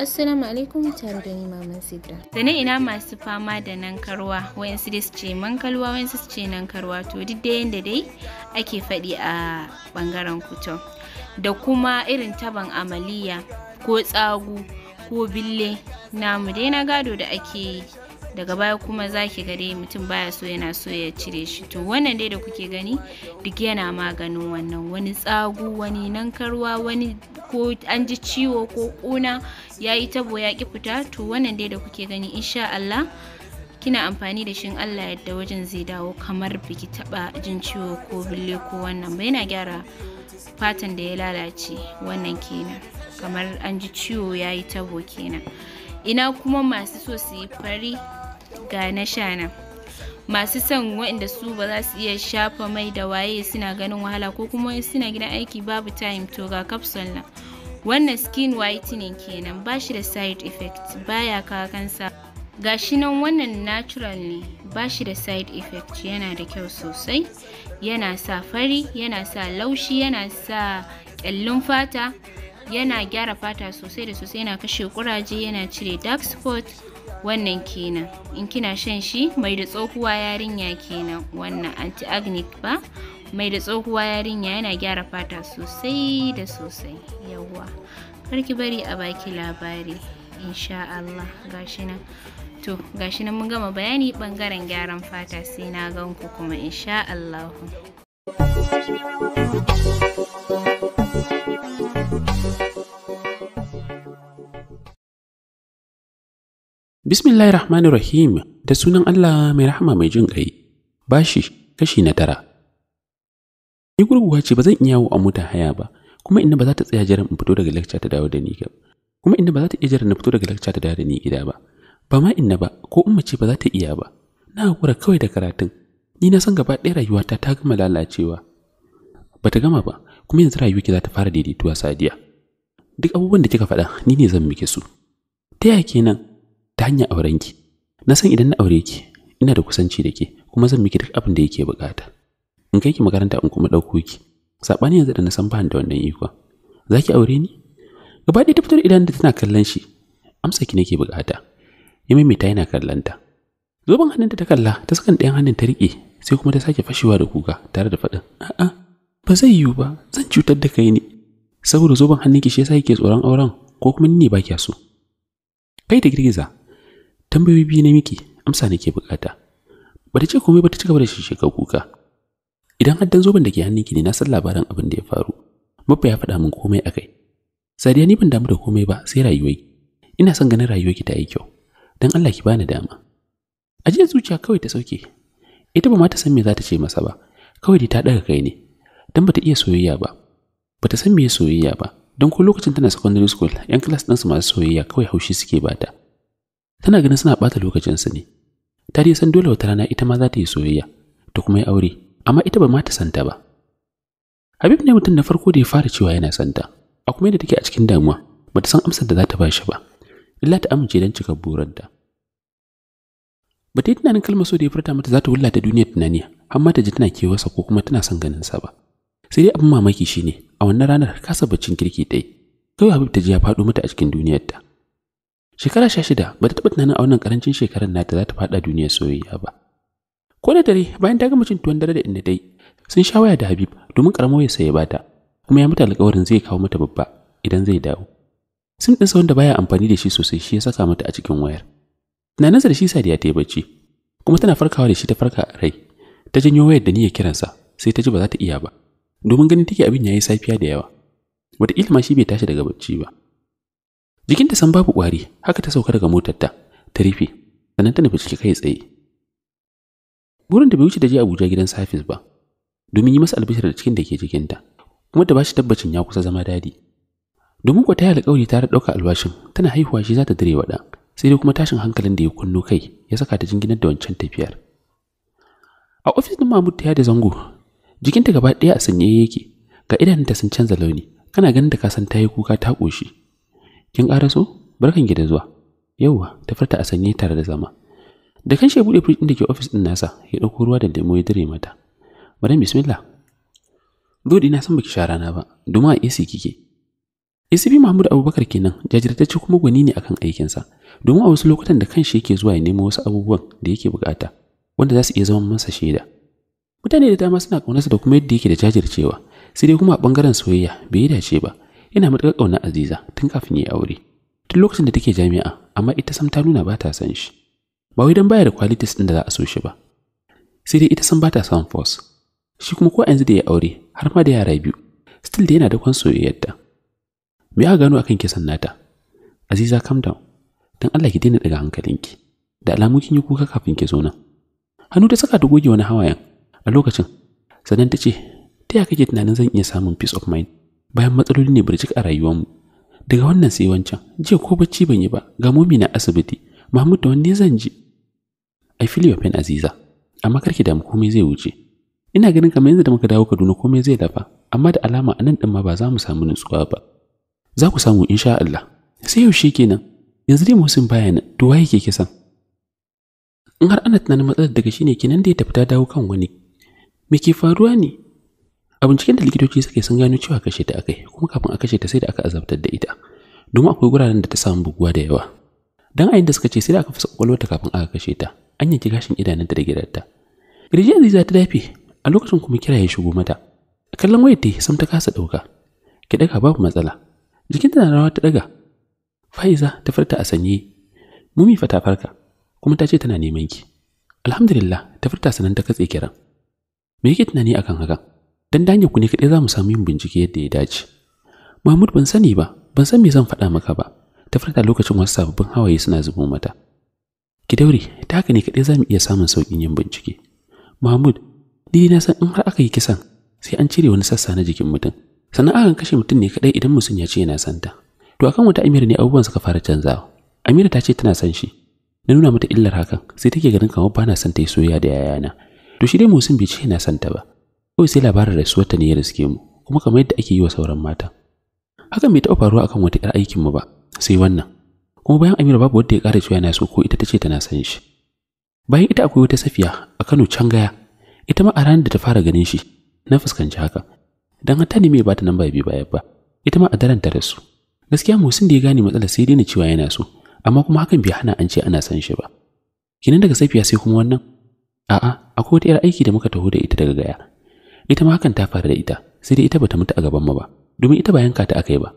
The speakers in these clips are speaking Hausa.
Assalamu alaikum tare da ni Maman Sidra. Da na ina masu fama da nan karwa, wayansu da su ce man kalwa, wayansu su ce nan karwa, to duk da yanda dai ake faɗi a bangaren kuto. Da kuma irin taban amaliya ko tsagu ko bille namu dai na gado da ake yi. daga baya kuma zaki ki ga mutum baya so yana so ya cire shi to wannan dai da kuke gani duk yana maganin wannan wani tsagu wani nankarwa wani ko an ji ciwo ko kuna ya yi tabo ya ki fita to wannan dai da kuke gani insha Allah kina amfani da shin Allah yadda wajen zai dawo kamar biki taba jin ciwo ko bille ko wannan ba yana gyara fatan da ya lalace wannan kenan kamar an ji ciwo ya yi tabo kenan ina kuma masu so su yi fari ga na sha nan masu son waɗanda su ba za su iya shafa mai da waye suna ganin wahala ko kuma suna gidan aiki babu time to ga capsule nan wannan skin whitening kenan ba shi da side effect baya kakansa kansa shi nan wannan natural ne ba shi da side effect yana da kyau sosai yana sa fari yana sa laushi yana sa kyallun fata yana gyara fata sosai da sosai yana kashe kuraje yana cire dark spot wannan kenan in kina shan shi mai da tsohuwa yarinya kenan wannan anti-agnic ba mai da tsohuwa yarinya yana gyara fata sosai da sosai yawwa karki bari a baki labari insha Allah gashi nan to gashi nan mun gama bayani bangaren gyaran fata sai na ganku kuma insha Allah Bismillahir Rahmanir Rahim da sunan Allah mai rahama mai jin ƙai. Bashi kashi na tara. Ni gurguwa ce ba zan iya yawo a mota haya ba, kuma inda ba za ta tsaya jiran in fito daga lecture ta dawo da ni gaba. Kuma inda ba za ta iya jiran na fito daga lecture ta dawo da ni gida ba. Ba ma inna ba, ko umma ce ba za ta iya ba. Na hakura kawai da karatun. Ni na san gaba ɗaya rayuwata ta gama lalacewa. Ba ta gama ba, kuma yanzu ki za ta fara daidaituwa sadiya. Duk abubuwan da kika faɗa, ni ne zan miki su. Ta yaya kenan ta hanyar auren ki na san idan na aure ki ina da kusanci da ke kuma zan miki duk abin da yake bukata in kai ki makaranta in kuma ɗauko ki saɓani yanzu da na san ban da wannan iko zaki aure ni gaba ɗaya ta fitar idan da tana kallon shi amsa ki nake bukata ya maimaita yana kallonta zoben hannunta ta kalla ta sakan ɗayan hannun ta riƙe sai kuma ta sake fashewa da kuka tare da faɗin a'a ba zai yiwu ba zan cutar da kai ne saboda zoben hannunki shi yasa yake tsoron auren ko kuma ni ne ba kya so kai ta girgiza tambayoyi biyu ne miki amsa nake bukata ba ta ce komai ba ta cigaba da shisheka kuka idan har dan zoben da ke hannunki ne na san labarin abin da ya faru mabba ya faɗa min komai akai sadiya ni ban damu da komai ba sai rayuwai. ina son ganin rayuwarki ta yi kyau dan Allah ki bani dama ajiya zuciya kawai ta sauke ita ba ma ta san me za ta ce masa ba kawai dai ta daga kai ne dan bata iya soyayya ba bata san me soyayya ba don ko lokacin tana secondary school yan class ɗinsu masu soyayya kawai haushi suke bata tana ganin suna ɓata lokacinsu ne ta dai san dole wata rana ita ma za ta yi soyayya ta kuma yi aure amma ita ba ma ta santa ba habib ne mutum na farko da ya fara cewa yana santa a kuma yadda take a cikin damuwa bata san amsar da za ta ba shi ba illa ta amince don cika burinta ba ta yi tunanin kalmar so da ya furta mata za ta wulla duniyar tunani har ma ta ji tana kewarsa ko kuma tana son ganin sa ba sai dai abin mamaki shine a wannan ranar kasa baccin kirki ta yi kawai habib ta ji ya faɗo mata a cikin duniyarta Shekara sha shida ba ta taɓa tunanin a wannan ƙarancin shekarar nata za ta faɗa duniya soyayya ba. Ko da dare bayan ta gama cin tuwon dare da inda dai sun sha waya da Habib domin ƙaramar ya ya bata kuma ya mata alƙawarin zai kawo mata babba idan zai dawo. Sim ɗinsa wanda baya amfani da shi sosai shi ya saka mata a cikin wayar. Tunaninsa da shi Sadiya ya yi bacci kuma tana farkawa da shi ta farka rai ta janyo wayar da ni ya kiransa sai ta ji ba za ta iya ba domin ganin take abin ya yi safiya da yawa wataƙila ma shi bai tashi daga bacci ba jikinta san babu ƙwari haka ta sauka daga motarta ta rufe sannan ta nufi ciki kai tsaye burin da bai wuce da je abuja gidan safis ba domin yi masa albishir da cikin da ke jikinta kuma ta bashi tabbacin ya kusa zama dadi domin kwa ta yi alƙawari tare ɗauka albashin tana haihuwa shi za ta dire waɗa sai dai kuma tashin hankalin da ya kunno kai ya saka ta jinginar da wancan tafiyar a ofis din mahmud ta yada zango jikinta gaba ɗaya a sanye yake ga idanunta sun canza launi kana ganin da ka san ta yi kuka ta ƙoshi kin ƙaraso barkan ki da zuwa yauwa ta farta a sanye tare da zama da kan shi buɗe fridge ɗin da ke ofis ɗin nasa ya ɗauko ruwa da lemo ya dire mata madam bismillah dodi na san baki sha rana ba domin a AC kike Isibi Mahmud Abubakar kenan jajirtacce kuma gwani ne akan aikinsa domin a wasu lokutan da kanshi yake zuwa ya nemo wasu abubuwan da yake bukata wanda za su iya zama masa shaida. Mutane da dama suna kaunarsa da kuma yadda yake da jajircewa sai dai kuma a bangaren soyayya bai dace ba Yana matuƙar ƙauna Aziza tun kafin ya yi aure. Tun lokacin da take jami'a, amma ita sam ta nuna ba ta san shi. Ba wai don baya da qualities ɗin da za a so shi ba. Sai dai ita san ba ta son force. Shi kuma ko a yanzu da ya aure, har ma da yara biyu, still da yana da kwan soyayyarta. Me aka gano akan kisan nata? Aziza calm down. Dan Allah ki daina daga ki. Da alamu kin yi kuka kafin ki zo nan. Hannu ta saka ta goge wani hawayen a lokacin. Sannan ta ce, "Ta ya kake tunanin zan iya samun peace of mind bayan matsaloli ne birjik a mu. daga wannan sai wancan jiya ko bacci ban yi ba ga momi na asibiti mahmud da wanne zan je i feel your aziza amma karki damu komai zai wuce ina ganin kamar yanzu da muka dawo kaduna komai zai dafa amma da alama anan din ma ba za mu samu nutsuwa ba za ku samu insha Allah sai yaushe kenan yanzu dai musin bayanan. to waye ke kisan in har ana tunanin matsalar daga shine kenan da ya tafi ta dawo kan wani me ke faruwa ne a binciken da likitoci suke sun gano cewa kashe ta akai kuma kafin a kashe ta sai da aka azabtar da ita domin akwai guraren da ta samu buguwa da yawa dan ayin da suka ce sai da aka fasa kwakwalwarta kafin aka kashe ta an yanki gashin idanunta da gidanta Girgiya Aziza ta dafe a lokacin kuma kira ya shigo mata kallon wayar ta sam ta kasa dauka ki daga babu matsala jikinta na rawa ta daga Faiza ta farta a sanye Mumi fa ta farka kuma ta ce tana neman ki Alhamdulillah ta furta sanan ta katse kiran. Me yake tunani akan haka dan danya ku ne kaɗai za mu samu yin bincike yadda ya dace mahmud ban sani ba ban san me zan faɗa maka ba ta farka lokacin wasu sababbin hawaye suna zubo mata ki daure ta haka ne kaɗai za mu iya samun sauƙin yin bincike mahmud ni na san in har aka yi kisan sai an cire wani sassa na jikin mutum sannan akan kashe mutum ne kaɗai idan mutum ya ce yana santa to akan wata amira ne abubuwan suka fara canzawa amira ta ce tana san shi na nuna mata illar hakan sai take ganin kamar ba na son ta yi soyayya da yayana to shi dai musun bai ce yana son ta ba kawai sai labarin ta ne ya riske mu kuma kamar yadda ake yi wa sauran mata hakan bai taɓa faruwa akan wata ƴar aikin mu ba sai wannan kuma bayan Amira babu wanda ya ƙara cewa yana so ko ita tace tana san shi bayan ita akwai wata safiya a Kano can gaya ita ma a ranar da ta fara ganin shi na fuskanci haka dan hatta ne mai bata namba biyu baya ba ita ma a daren ta rasu gaskiya Musin da ya gane matsala sai dai na cewa yana so amma kuma hakan bai hana an ce ana san shi ba kinan daga safiya sai kuma wannan a'a akwai wata ƴar aiki da muka taho da ita daga gaya ita ma hakan ta faru da ita sai dai ita bata mutu a gaban mu ba domin ita ba yanka ta aka ba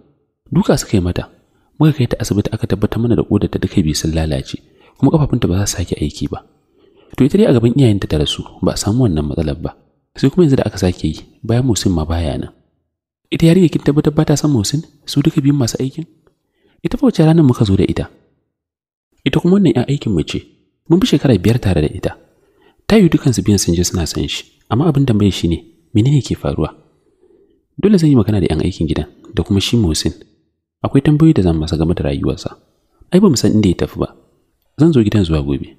duka suka yi mata muka kai ta asibiti aka tabbatar mana da kodar ta duka biyu sun lalace kuma kafafunta ba za su sake aiki ba to ita dai a gaban iyayenta ta rasu ba a samu wannan matsalar ba sai kuma yanzu da aka sake yi bayan musin ma baya nan ita yarinya kin tabbatar ba ta san musin su duka biyun masu aikin ita fa wace ranar muka zo da ita ita kuma wannan yan aikin mace mun bi shekara biyar tare da ita ta yi dukansu biyan sun je suna san shi amma abin tambaye shi ne menene ke faruwa dole zan yi magana da 'yan aikin gidan da kuma shi Mohsin akwai tambayoyi da zan masa game da rayuwarsa ai ba mu san inda ya tafi ba zan zo gidan zuwa gobe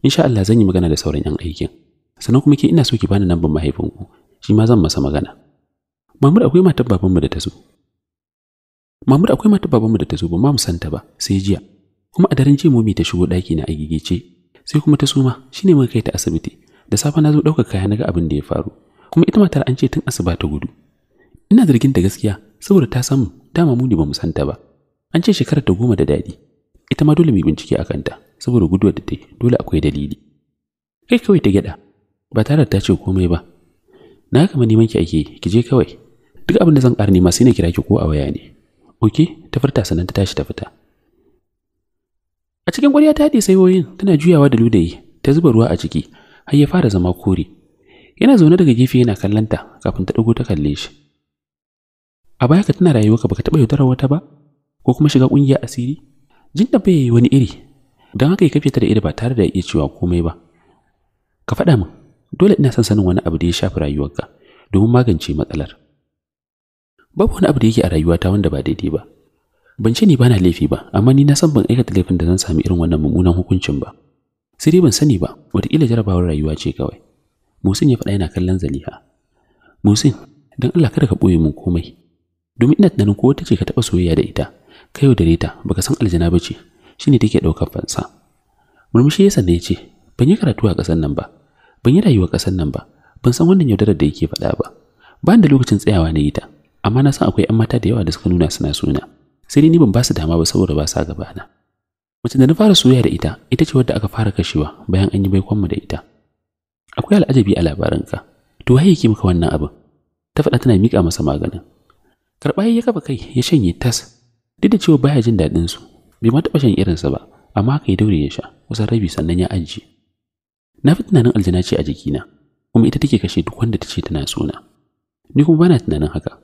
insha Allah zan yi magana da sauran 'yan aikin sannan kuma ke ina so ki bani lambar mahaifinku shi ma zan masa magana Mahmud akwai matar babanmu da ta zo Mahmud akwai matar babanmu da ta zo ba ma mu santa ba sai jiya kuma a daren jiya momi ta shigo daki na gigice sai kuma ta suma shine muka kai ta asibiti da safe na zo ɗaukar kaya naga abin da ya faru kuma ita matar an ce tun asuba ta gudu ina zargin da gaskiya saboda ta samu dama mu ne bamu san ta ba an ce shekarar ta goma da dadi ita ma dole mu bincike a kanta saboda guduwar da ta yi dole akwai dalili kai kawai ta gyada ba tare da ta ce komai ba na kama neman ki ake ki je kawai duk abin da zan ƙara nema sai na kira ki ko a waya ne oke ta furta sannan ta tashi ta fita a cikin ƙwarya ta haɗe wayoyin tana juyawa da ludayi ta zuba ruwa a ciki har ya fara zama kore Yana zaune daga gefe yana kallonta kafin ta ɗago ta kalle shi. A baya ka tana rayuwa ka baka taɓa yaudarar wata ba ko kuma shiga ƙungiya asiri? Jin da bai wani iri don haka ya kafe ta da iri ba tare da ya iya cewa komai ba. Ka faɗa min dole ina son sanin wani abu da ya shafi rayuwarka domin magance matsalar. Babu wani abu da yake a rayuwata wanda ba daidai ba. ban ce ni ba na laifi ba amma ni na san ban aikata laifin da zan sami irin wannan mummunan hukuncin ba sai dai ban sani ba wataƙila jarabawar rayuwa ce kawai Musin ya faɗa yana kallon Zaliha. Musin, don Allah kada ka ɓoye mun komai. Domin ina tunanin ko wata ce ka taɓa soyayya da ita, ka yau yaudare ta baka san aljana ba ce, shi ne take ɗaukar fansa. Murmushi ya sanna ya ce, ban yi karatu a ƙasar nan ba, ban yi rayuwa ƙasar nan ba, ban san wannan yaudarar da yake faɗa ba. Ba da lokacin tsayawa na ita. amma na san akwai 'yan mata da yawa da suka nuna suna suna. Sai dai ni ban ba su dama ba saboda ba sa gabana. Mace da na fara soyayya da ita, ita ce wadda aka fara kashewa bayan an yi baikonmu da ita. akwai al'ajabi a ka. to waye yake maka wannan abin ta faɗa tana miƙa masa maganin karɓa ya kafa kai ya shanye tas duk da cewa baya jin daɗin su bai ma taɓa shan irinsa ba amma haka ya daure ya sha kusan rabi sannan ya ajiye na fi tunanin aljana ce a jikina kuma ita take kashe duk wanda ta ce tana sona ni kuma bana tunanin haka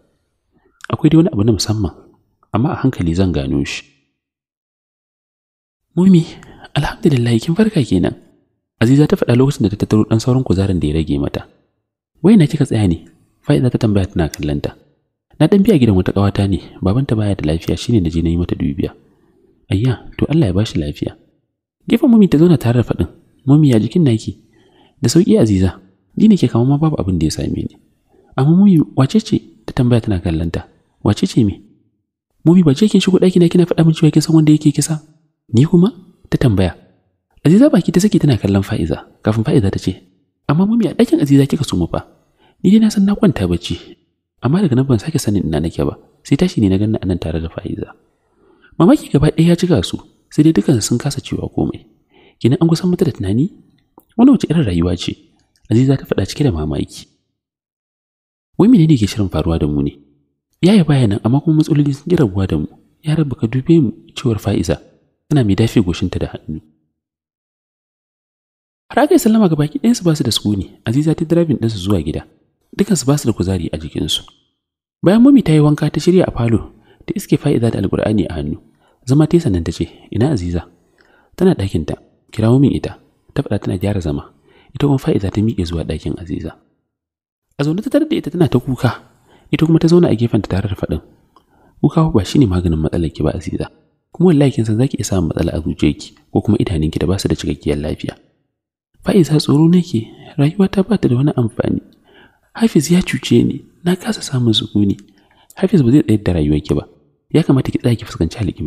akwai dai wani abu na musamman amma a hankali zan gano shi mumi alhamdulillah kin farka kenan Aziza ta faɗa lokacin da ta tattaro ɗan sauran kuzarin da ya rage mata. Wai na kika tsaya ne? Fa'iza ta tambaya tana kallonta. Na ɗan biya gidan wata ƙawata ne, babanta baya da lafiya shine na je na yi mata dubiya. Ayya, to Allah ya bashi lafiya. Gefen mummy ta zauna tare da faɗin, mummy ya jikin naki? Da sauƙi Aziza, ni ne ke kama ma babu abin da ya same ni. Amma mummy wace ce? Ta tambaya tana kallanta. Wace ce me? Mummy ba ce kin shigo ɗaki na kina faɗa min cewa kin san wanda yake kisa? Ni kuma? Ta tambaya. Aziza baki ta saki tana kallon Fa'iza kafin Fa'iza ta ce amma mami a ɗakin Aziza kika sumu fa ni dai na san na kwanta bacci amma daga nan ban sake sanin ina nake ba sai tashi ne na ganna anan tare da Fa'iza mamaki gaba ɗaya ya cika su sai dai dukan sun kasa cewa komai kina an kusan mata da tunani wannan wace irin rayuwa ce Aziza ta faɗa cike da mamaki wai menene ke shirin faruwa da mu ne yaya baya nan amma kuma matsaloli sun ji rabuwa da mu ya rabu ka dube mu cewar fa'iza tana mai dafi goshinta da hannu Har aka sallama ga baki ɗayansu ba su da sukuni, Aziza ta drabin ɗinsu zuwa gida. Dukansu ba su da kuzari a jikinsu. Bayan mami ta yi wanka ta shirya a falo, ta iske fa'iza da Alkur'ani a hannu. Zama ta sannan ta ce, "Ina Aziza?" Tana ɗakinta, kira min ita. Ta faɗa tana gyara zama. Ita kuma fa'iza ta miƙe zuwa ɗakin Aziza. A zaune ta tare da ita tana ta kuka, ita kuma ta zauna a gefenta tare da faɗin. Kuka ba shine maganin matsalar ki ba Aziza. Kuma wallahi kin san zaki iya samun matsala a zuciyarki ko kuma idanunki da ba su da cikakkiyar lafiya. fa'iza tsoro nake rayuwata ba ta da wani amfani hafiz ya cuce ni na kasa samun sukuni hafiz ba zai tsayar da ki ba ya kamata ki tsaya ki fuskanci ki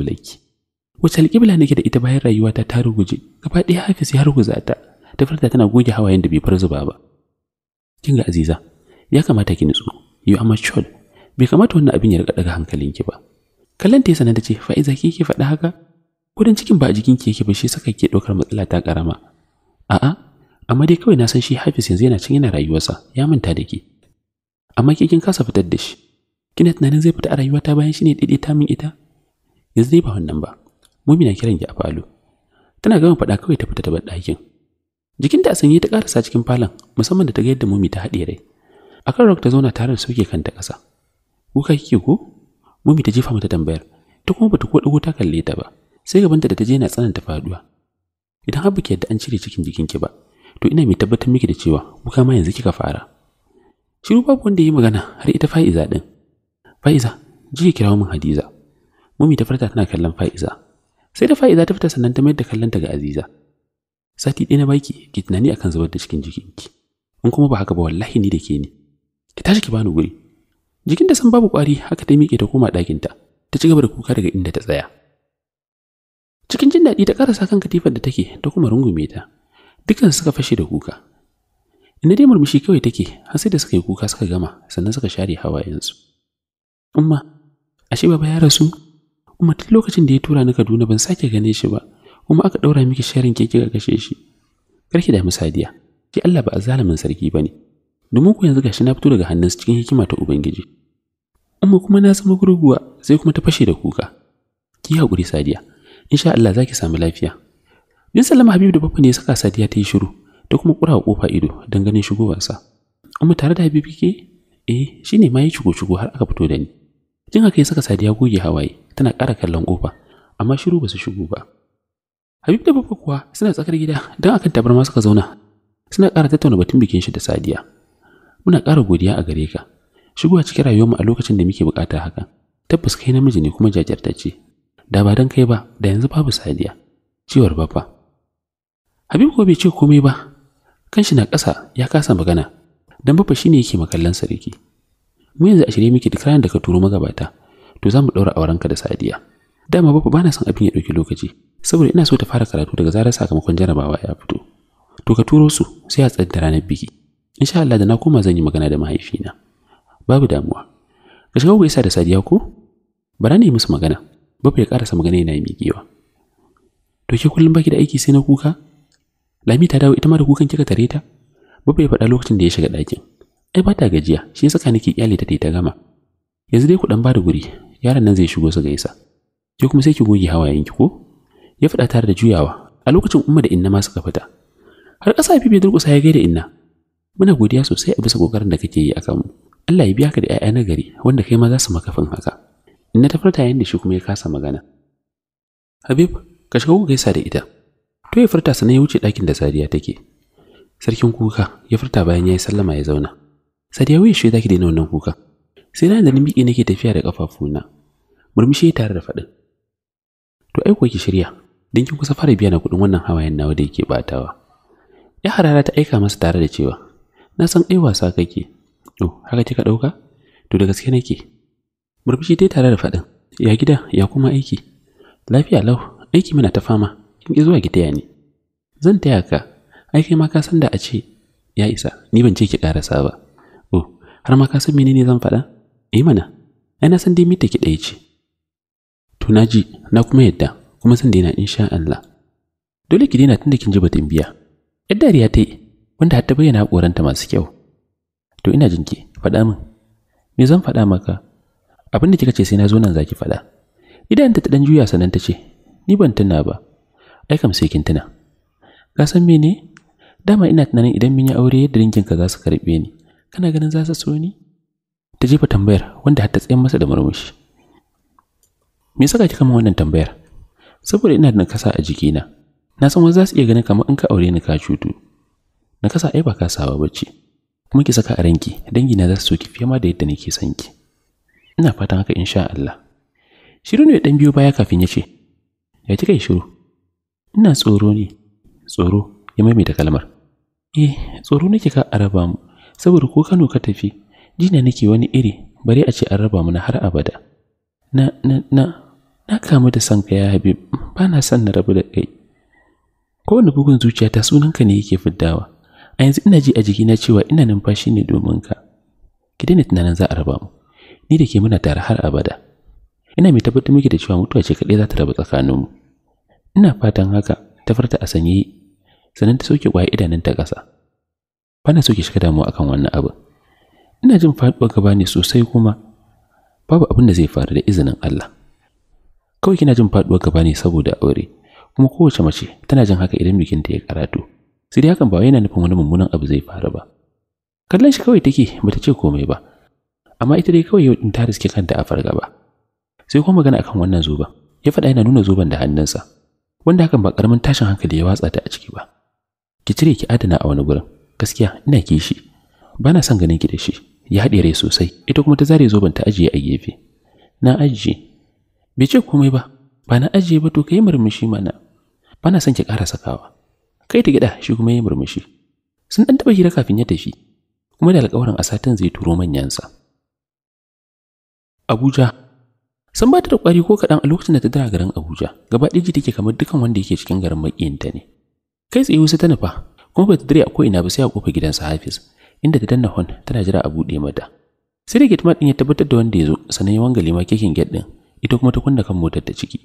wace alƙibla nake da ita bayan rayuwata ta ruguje gaba ɗaya hafiz ya ruguza ta ta farta tana goge hawayen da bai far zuba ba kin ga aziza ya kamata ki nutsu you are matured bai kamata wannan abin ya riga daga hankalin ki ba kallanta ta sanar da ce fa'iza ki ki faɗa haka kudin cikin ba a jikinki yake ba shi saka ke ɗaukar matsala ta ƙarama a'a amma dai kawai na san shi Hafiz yanzu yana cin yana rayuwarsa ya manta da ke amma ke kin kasa fitar da shi kina tunanin zai fita a rayuwata bayan shi ne daidai ta min ita yanzu dai ba wannan ba na kiran ki a falo tana gama faɗa kawai ta fita ta bar ɗakin jikinta a sanye ta karasa cikin falon musamman da ta ga yadda mumi ta haɗe rai akan rock ta zauna tare da sauke kanta ƙasa kuka kike ko mumi ta jefa mata tambayar ta kuma bata ko dago ta kalle ta ba sai gabanta da ta je na tsananta faduwa idan har baki yadda an cire cikin jikinki ba to ina mai tabbatar miki da cewa kuka ma yanzu kika fara shiru babu wanda ya yi magana har ita fa'iza din fa'iza ji ki kirawo min hadiza mummy ta farta tana kallon fa'iza sai da fa'iza ta fita sannan ta mayar da kallon ga aziza sati ɗaya na baki ki tunani akan zubar da cikin jikinki in kuma ba haka ba wallahi ni da ke ni ki tashi ki bani guri jikin da san babu kwari haka ta miƙe ta koma ɗakinta ta ci gaba da kuka daga inda ta tsaya cikin jin daɗi ta ƙarasa kan katifar da take ta kuma rungume ta Dukan suka fashe da kuka. Ina dai murmushi kawai take, har sai da suka yi kuka suka gama, sannan suka share hawayensu. Umma, ashe baba ya rasu? Umma tun lokacin da ya tura ni Kaduna ban sake gane shi ba, kuma aka daura miki sharin keke ga kashe shi. Karki da misadiya, ki Allah ba azalimin sarki bane. Domin ku yanzu gashi na fito daga hannunsa cikin hikima ta Ubangiji. Umma kuma na zama gurguwa sai kuma ta fashe da kuka. Ki hakuri sadiya, insha Allah zaki samu lafiya. Yin sallama Habibu da Baffa ne ya saka Sadiya ta yi shiru ta kuma kura kofa ido don ganin shigowarsa. Amma tare da Habibu ke? Eh, shi ne ma ya shigo-shigo har aka fito da ni. Jin haka ya saka Sadiya goge hawaye tana ƙara kallon kofa, amma shiru ba su shigo ba. Habib da Baffa kuwa suna tsakar gida don akan tabarma suka zauna. Suna ƙara tattauna batun bikin shi da Sadiya. Muna ƙara godiya a gare ka. Shigowa cikin rayuwarmu a lokacin da muke buƙata haka. Tabbas kai namiji ne kuma jajirtacce. Da ba don kai ba, da yanzu babu Sadiya. Ciwar Baffa, Habib ko bai ce komai ba, kanshi na ƙasa ya kasa magana, don bafa shi ne yake makallan sarki. Mu yanzu a shirye miki da kayan da ka turo magabata, to za mu ɗaura aurenka da sadiya. Dama bafa ba na son abin ya ɗauki lokaci, saboda ina so ta fara karatu daga zarar sakamakon jarabawa ya fito. To ka turo su sai a tsada ranar biki. Insha Allah da na koma zan yi magana da mahaifina. Babu damuwa. Ka shiga gaisa da sadiya ko? Bara ne musu magana. Bafa ya karasa magana yana miƙewa. To ke kullum baki da aiki sai na kuka? Lami ta dawo ita ma da kukan kika tare ta? Ba ya faɗa lokacin da ya shiga ɗakin. Ai ba ta gajiya, shi ya saka nake kyale ta ta gama. Yanzu dai ku dan bada guri, yaron nan zai shigo su gaisa. Ke kuma sai ki goge hawayenki ko? Ya faɗa tare da juyawa. A lokacin Umma da Inna ma suka fita. Har ƙasa fi bai durƙusa ya gaida Inna. Muna godiya sosai a bisa kokarin da kake yi a kanmu. Allah ya biya ka da 'ya'ya na gari wanda kai ma za su maka fin haka. Inna ta furta yayin da shi kuma ya kasa magana. Habib, ka shiga ku gaisa da ita. To ya furta sannan ya wuce ɗakin da Sadiya take. Sarkin kuka ya furta bayan ya yi sallama ya zauna. Sadiya wai shi zaki daina wannan kuka. Sai na da miƙe nake tafiya da ƙafafuna. Murmushi tare da faɗin. To ai ki shirya, don kin kusa fara biya na kuɗin wannan hawayen nawa da yake batawa. Ya harara ta aika masa tare da cewa, na san ai wasa kake. To, oh, haka kika ɗauka? To da gaske nake. Murmushi tare da faɗin, ya gida ya kuma aiki. Lafiya lau, aiki muna ta fama. kin zuwa ki taya ni zan taya ka ai kai ma ka san da a ce ya isa ni ban ce ki karasa ba oh har ma ka san menene zan faɗa eh mana ai na san dai mita ki dai ce to naji na kuma yadda kuma san daina insha Allah dole ki daina tunda kin ji batun biya yar dariya ta yi wanda har ta bayyana hakoranta masu kyau to ina jin jinki faɗa min me zan faɗa maka abin da kika ce sai na zo nan zaki faɗa idan ta dan juya sanan ta ce ni ban tuna ba ai kam sai kin tuna ka san mene dama ina tunanin idan mun yi aure yadda dinkinka za su karɓe ni kana ganin za su so ni ta jefa tambayar wanda har ta tsayin masa da murmushi me saka kika min wannan tambayar saboda ina da nakasa a jikina na san wasu za su iya ganin kamar in ka aure ni ka cutu nakasa ai ba ka kasawa bacci kuma ki saka a ranki dangina za su so ki fiye ma da yadda nake son ki ina fatan haka insha Allah shiru ne dan biyo baya kafin ya ce ya kika yi shiru ina tsoro ne tsoro ya maimaita kalmar eh tsoro nake ka a raba mu saboda ko Kano ka tafi jina nake wani iri bari a ce an raba mu na har abada na na na na kamu da sanka ya Habib ba na son na rabu da kai kowane bugun zuciya zuciyata sunanka ne yake fiddawa a yanzu ina ji a jikina cewa ina numfashi ne domin ka ki daina tunanin za a raba mu ni da ke muna tare har abada ina mai tabbatar miki da cewa mutuwa ce kaɗai za ta raba tsakaninmu ina fatan haka ta farta a sanye sannan ta soke kwaya idanun ta kasa. bana soke shiga damuwa akan wannan abu ina jin faɗuwa gaba ne sosai kuma babu abin da zai faru da izinin Allah kawai kina jin faɗuwa gaba ne saboda aure kuma kowace mace tana jin haka idan bikinta ya karatu sai dai hakan ba yana nufin wani mummunan abu zai faru ba kallon shi kawai take bata ce komai ba amma ita dai kawai yau ta riske kanta a fargaba sai kuma magana akan wannan zuban ya faɗa yana nuna zuban da hannunsa wanda hakan ba karamin tashin hankali ya watsa ta a ciki ba ki cire ki adana a wani gurin gaskiya ina kishi na son ganin ki da shi ya haɗe rai sosai ita kuma ta zare zoben ta ajiye a gefe na ajiye bai ce komai ba ba na ajiye ba to kai murmushi mana ba na son ki ƙara sakawa kai ta gida shi kuma ya murmushi sun dan taba hira kafin ya tafi kuma da alƙawarin a satin zai turo manyansa Abuja san ba ta da ƙwari ko kaɗan a lokacin da ta dara garin abuja gaba ɗaya take kamar dukan wanda yake cikin garin maƙiyinta ne kai tsaye wasu ta nufa kuma ba ta dare a ko'ina ba sai a kofa gidansa hafiz inda ta danna hon tana jira a buɗe mata sai da gitma ɗin ya tabbatar da wanda ya zo sannan ya wangale ma kekin gate ɗin ita kuma ta kunna kan motar ta ciki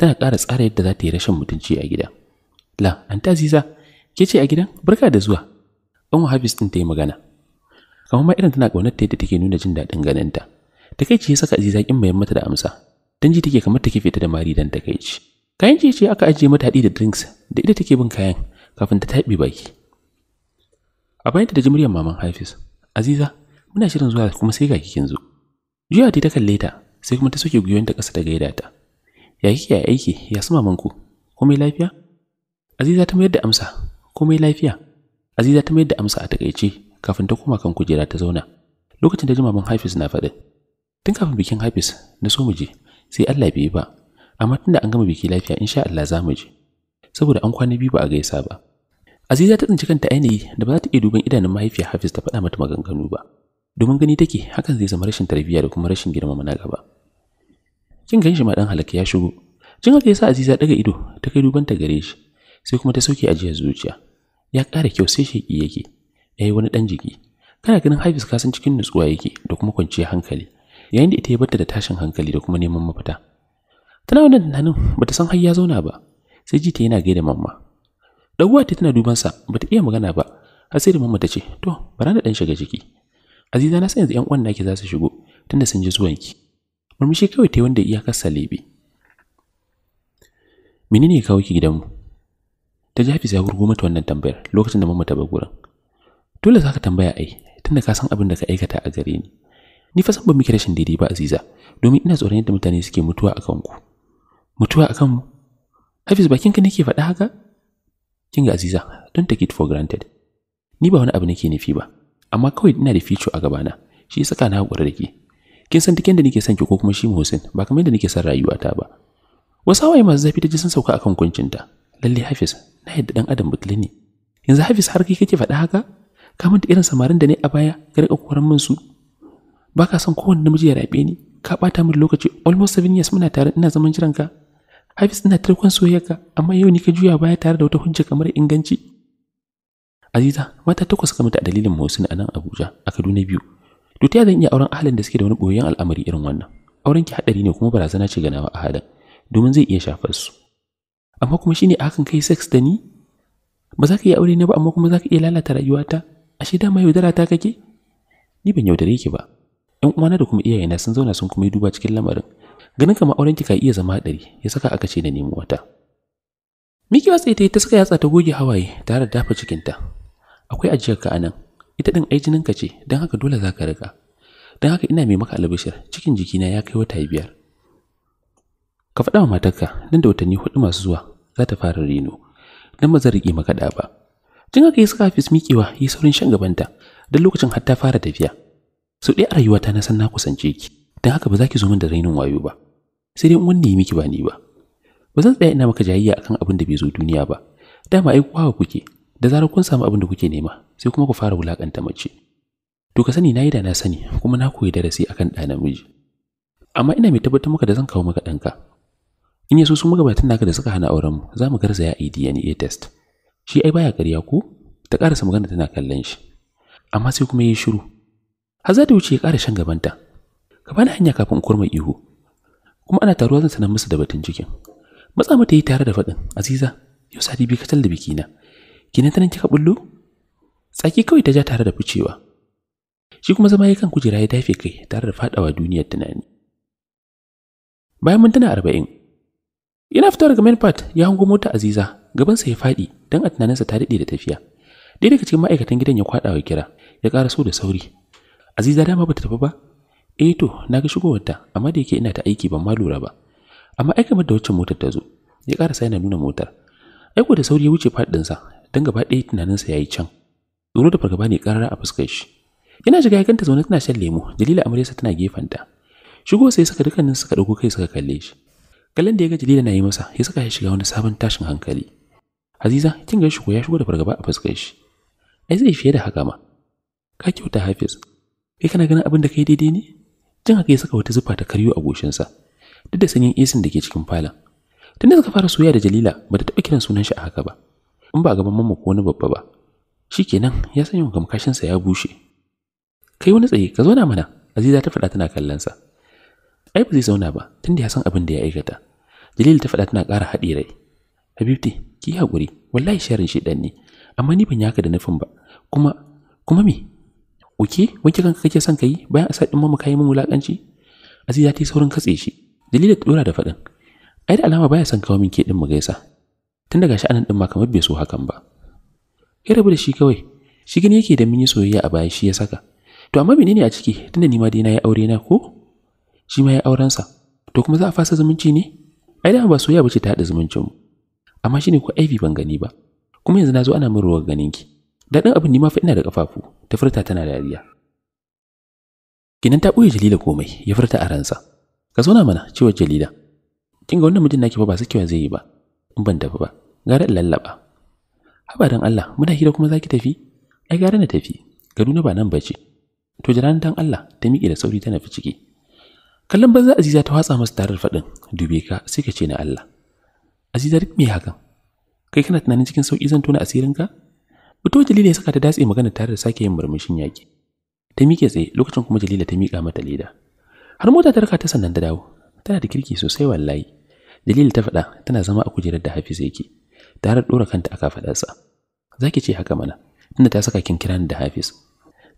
tana ƙara tsara yadda za ta yi rashin mutunci a gida la an ta ke ce a gidan barka da zuwa ɗan hafiz ɗin ta yi magana kamar ma irin tana ƙaunar ta yadda take nuna jin daɗin ganinta takeici ya saka aziza kin bayan mata da amsa dan ji take kamar take fita da mari dan takeici kayan ce ce aka ajiye mata hadi da drinks da ita take bin kayan kafin ta taɓe baki a ta da ji muryar maman Hafiz Aziza muna shirin zuwa kuma sai ga kikin zo Juya ta kalle ta sai kuma ta soke ta ƙasa ta gaida ta ya kike ya aiki ya su maman ku komai lafiya Aziza ta mayar da amsa komai lafiya Aziza ta mayar da amsa a takaice kafin ta koma kan kujera ta zauna lokacin da ji maman Hafiz na faɗin tun kafin bikin Hafiz na so mu je sai Allah bai ba amma tunda an gama biki lafiya insha Allah za mu je saboda an kwana biyu ba a gaisa ba Aziza ta tsinci kanta ainihi da ba za ta iya duban idanun mahaifiyar Hafis ta faɗa mata maganganu ba domin gani take hakan zai zama rashin tarbiyya da kuma rashin girma na gaba kin gan shi ma dan halaka ya shigo kin haka yasa Aziza daga ido ta kai duban ta gare shi sai kuma ta sauke ajiyar zuciya ya ƙara kyau sai sheki yake yayi wani dan jiki kana ganin Hafiz ka san cikin nutsuwa yake da kuma kwanciyar hankali yayin da ita ya bata da tashin hankali da kuma neman mafita tana wannan tunanin bata san har ya zauna ba sai ji ta yana gaida mamma ɗaguwa ta tana duban sa bata iya magana ba har sai da mamma ta ce to bara na dan shiga ciki aziza na san yanzu yan uwan naki za su shigo tunda sun ji zuwanki murmushi kawai ta wanda iyakar lebe. menene ne kawo ki gidanmu ta ji hafiz ya hurgo mata wannan tambayar lokacin da mamma ta bar gurin dole za ka tambaya ai tunda ka san abin da ka aikata a gare ni ni fa san ba muke rashin daidai ba Aziza domin ina tsoron yadda mutane suke mutuwa akan ku mutuwa akan mu Hafiz bakinka nake faɗa haka kin ga Aziza don take it for granted ni ba wani abu nake nufi ba amma kawai ina da future a gabana shi yasa kana hakura da ke kin san duk da nake son ki ko kuma shi Muhsin ba kamar yadda nake son rayuwata ba wasu hawaye masu zafi ta ji sun sauka akan kuncinta lalle Hafiz na yadda dan adam butulun ne yanzu Hafiz har kai kake faɗa haka ka manta irin samarin da ne a baya ka rika koran min su ba ka san kowane namiji ya rabe ni ka ɓata min lokaci almost seven years muna tare ina zaman jiran ka hafiz ina tarkon soyayyarka amma yau ni ka juya baya tare da wata hujja kamar inganci aziza mata takwas ka mutu a dalilin Mohsin a nan Abuja a Kaduna biyu to ta zan iya auren ahalin da suke da wani boyayyen al'amari irin wannan auren ki hadari ne kuma barazana ce ga nawa ahalin domin zai iya shafar su amma kuma shine a hakan kai sex da ni ba za ka iya aure na ba amma kuma za ka iya lalata rayuwata ashe dama yaudara ta kake ni ban yaudare ki ba Yan uwana da kuma iyayena sun zauna sun kuma yi duba cikin lamarin. Ganin kamar auren ki ka iya zama ɗari, ya saka aka ce na nemi wata. Miki wasa ita ta saka yatsa ta goge hawaye tare da dafa ta Akwai ajiyar ka anan. Ita din ai jinin ka ce, dan haka dole za ka riga. Don haka ina mai maka albishir, cikin jikina ya kai wata biyar. Ka faɗa wa matarka, nan da watanni hudu masu zuwa, za ta fara reno. Dan ba zan riƙe maka da ba. Tun haka ya saka fis miƙewa, yi saurin shan gabanta, don lokacin har ta fara tafiya. sau ɗaya a rayuwata na san na kusance ki don haka ba za ki zo min da rainin wayo ba sai dai wanda yi miki ba ni ba ba zan tsaya ina maka jayayya akan abin da bai zo duniya ba dama ai kwawa kuke da zarar kun samu abin da kuke nema sai kuma ku fara wulakanta mace to ka sani yi da na sani kuma na koyi darasi akan ɗa namiji amma ina mai tabbatar maka da zan kawo maka ɗanka in yaso su magabatan naka da suka hana auren mu za mu garzaya a DNA test shi ai baya ƙarya ko ta ƙarasa magana tana kallon shi amma sai kuma yi shiru har za wuce ya ƙara shan gabanta ka bani hanya kafin kurma ihu kuma ana taruwa zan sanar musu da batun cikin matsa mata yi tare da faɗin aziza yau sati ka kacal da na. kina ta nan kika bullo tsaki kawai ta ja tare da ficewa shi kuma zama ya kan kujera ya dafe kai tare da faɗawa duniyar tunani bayan mun tana arba'in yana fitowa daga main part ya hango mota aziza gabansa ya faɗi don a tunaninsa ta daɗe da tafiya ɗaya daga cikin ma'aikatan gidan ya kwaɗa wa kira ya ƙara so da sauri Aziza dama bata tafi ba? Eh to, na ga shigowarta, amma da yake ina ta aiki ban ma lura ba. Amma ai kamar da wacce motar ta zo. Ya karasa yana nuna motar. Aiko da sauri ya wuce sa don gaba ɗaya tunaninsa ya yi can. Tsoro da fargaba ne karara a fuskar shi. Yana shiga ya kanta zaune tana shan lemo, Jalila amaryarsa tana gefenta. Shigo sai saka dukkanin suka dauko kai suka kalle shi. Kallon da ya ga Jalila na yi masa, ya saka ya shiga wani sabon tashin hankali. Aziza, kin ga shigo ya shigo da fargaba a fuskar shi. Ai zai fiye da haka ma. Ka kyauta Hafiz, kai kana ganin abin da kai daidai ne jin haka ya saka wata zufa ta karyo a goshinsa duk da sanyin isin da ke cikin falon tun da suka fara soyayya da jalila ba ta taɓa kiran sunan shi a haka ba in ba gaban mamma ko wani babba ba shi kenan ya sanya gamkashinsa ya bushe kai wani tsaye ka zauna mana aziza ta faɗa tana sa. ai ba zai zauna ba tunda ya san abin da ya aikata jalila ta faɗa tana ƙara haɗe rai habibti ki hakuri. wallahi sharin shi ɗan ne amma ni ban yaka da nufin ba kuma kuma me Oke, wanke kanka kake son ka bayan a din mamu kai mun wulaƙanci? Aziza ta yi saurin katse shi. Dalila ta ɗora da faɗin. Ai da alama baya son kawo min ke ɗin mu gaisa. Tun daga shi anan din ma kamar bai so hakan ba. Kai rabu da shi kawai. Shi gani yake da minyi soyayya a baya shi ya saka. To amma menene a ciki tunda ni ma dai na yi aure na ko? Shi ma ya auren sa. To kuma za a fasa zumunci ne? Ai da ba soyayya bace ta haɗa zumuncin mu. Amma shine ko aibi ban gani ba. Kuma yanzu na zo ana min ruwa ganin ganinki. Daɗin abin ni ma fa ina da kafafu ta furta tana dariya kinan ta ɓoye jalila komai ya furta a ransa ka zauna mana cewar jalila kin ga wannan mijin naki ba ba sakewa zai yi ba in ban tafi ba gara in lallaba haba dan Allah muna hira kuma zaki tafi ai gara na tafi Kaduna ba nan bace to jiran dan Allah ta miƙe da sauri tana fi ciki kallon banza Aziza ta watsa masa tarar faɗin. dube ka sai ka ce na Allah Aziza duk me hakan kai kana tunanin cikin sauki zan tona asirin ka? Fito Jalila ya saka ta datsi magana tare da sake yin murmushin yaki Ta miƙe tsaye lokacin kuma Jalila ta miƙa mata leda. Har mota ta raka ta sannan ta dawo. Tana da kirki sosai wallahi. Jalila ta faɗa tana zama a kujerar da Hafiz yake. Ta har dora kanta aka faɗarsa. Zaki ce haka mana. Inda ta saka kin kiran da Hafiz.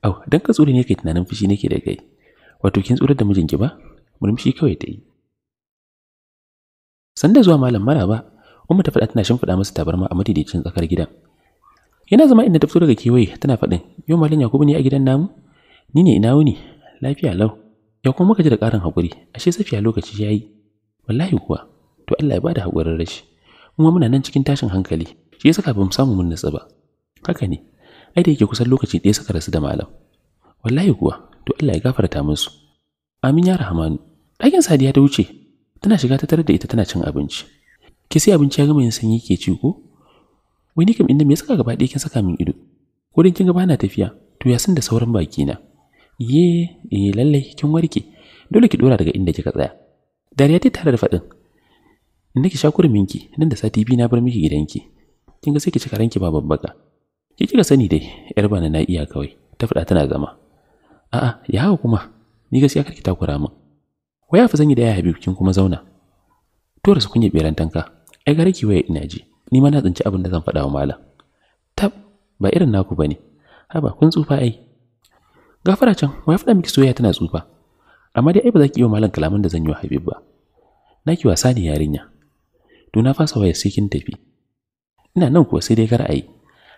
Au, dan ka tsure ne kai tunanin fushi nake da kai. Wato kin tsurar da mijinki ba? Murmushi kawai ta yi. Sanda zuwa malam maraba, Umma ta faɗa tana shimfiɗa masa tabarma a madidicin tsakar gidan. Yana zama inda ta fito daga kewaye tana faɗin, yau Malam Yakubu ne a gidan namu? Ni ne ina wuni, lafiya lau. Ya kuma muka ji da ƙarin haƙuri, ashe safiya lokaci ya yi. Wallahi kuwa, to Allah ya bada haƙurin rashi. Mu muna nan cikin tashin hankali, shi ya saka ba mu samu mun nutsu ba. Haka ne, ai da yake kusan lokaci ɗaya suka rasu da malam. Wallahi kuwa, to Allah ya gafarta musu. Amin ya rahamanu. Ɗakin Sadiya ta wuce, tana shiga ta tarar da ita tana cin abinci. ki sai abinci ya gama yin sanyi ke ci ko? wai kam inda me saka gaba ɗaya kin saka min ido ko dan kin ga bana tafiya to ya san da sauran baki na ye eh lalle kin warke dole ki dora daga inda kika tsaya dariya ta tare da faɗin inda ki shakuri minki nan da sati biyu na bar miki gidanki kin ga sai ki cika ranki ba babbaka ki kika sani dai yar bana na iya kawai ta faɗa tana zama a'a ya hawa kuma ni gaskiya karki takura min waya fa zan yi da ya habibkin kin kuma zauna to rasu kunya beran tanka ai gare ki waya ina ji ni ma na tsinci abin da zan faɗa wa malam tab ba irin naku bane haba kun tsufa ai gafara can wai faɗa miki soyayya tana tsufa amma dai ai ba za ki yi wa malam kalaman da zan yi wa Habib ba na naki wasa ne yarinya to na fasa waya sai kin tafi ina nan kuwa sai dai kar ayi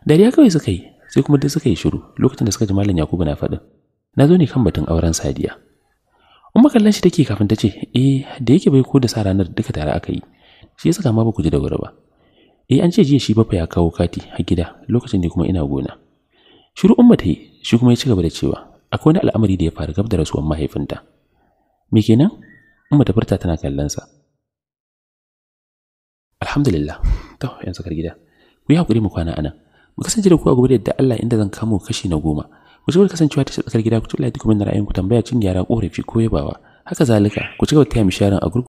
dariya kawai suka yi sai kuma duk suka yi shiru lokacin da suka ji malam Yakubu na faɗin na zo ne kan batun auren Sadiya umma kallon shi take kafin ta ce eh da yake bai ko da sa ranar duka tare aka yi shi yasa ma ba ku ji da wuri ba eh an ce jiya shi bafa ya kawo kati a gida lokacin ne kuma ina gona shiru umma ta yi shi kuma ya ci gaba da cewa akwai wani al'amari da ya faru gab da rasuwar mahaifinta me kenan umma ta furta tana kallon sa alhamdulillah to yan sakar gida ku yi hakuri mu kwana anan mu kasance da ku a gobe da yadda Allah inda zan kamo kashi na goma ku ci kasancewa ta tsakar gida ku tula duk mun ra'ayin ku tambaya cin yara korafi ko yabawa haka zalika ku ci gaba da taya mi a a